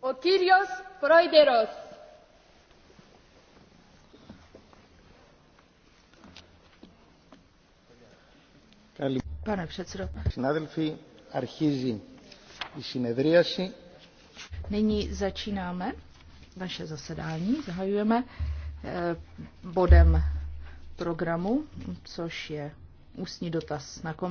Ο κύριος Συνάδελφοι, αρχίζει η συνεδρίαση. Nyní začínáme naše zasedání. Zahajujeme eh, bodem programu, což je ústní dotaz na komisi.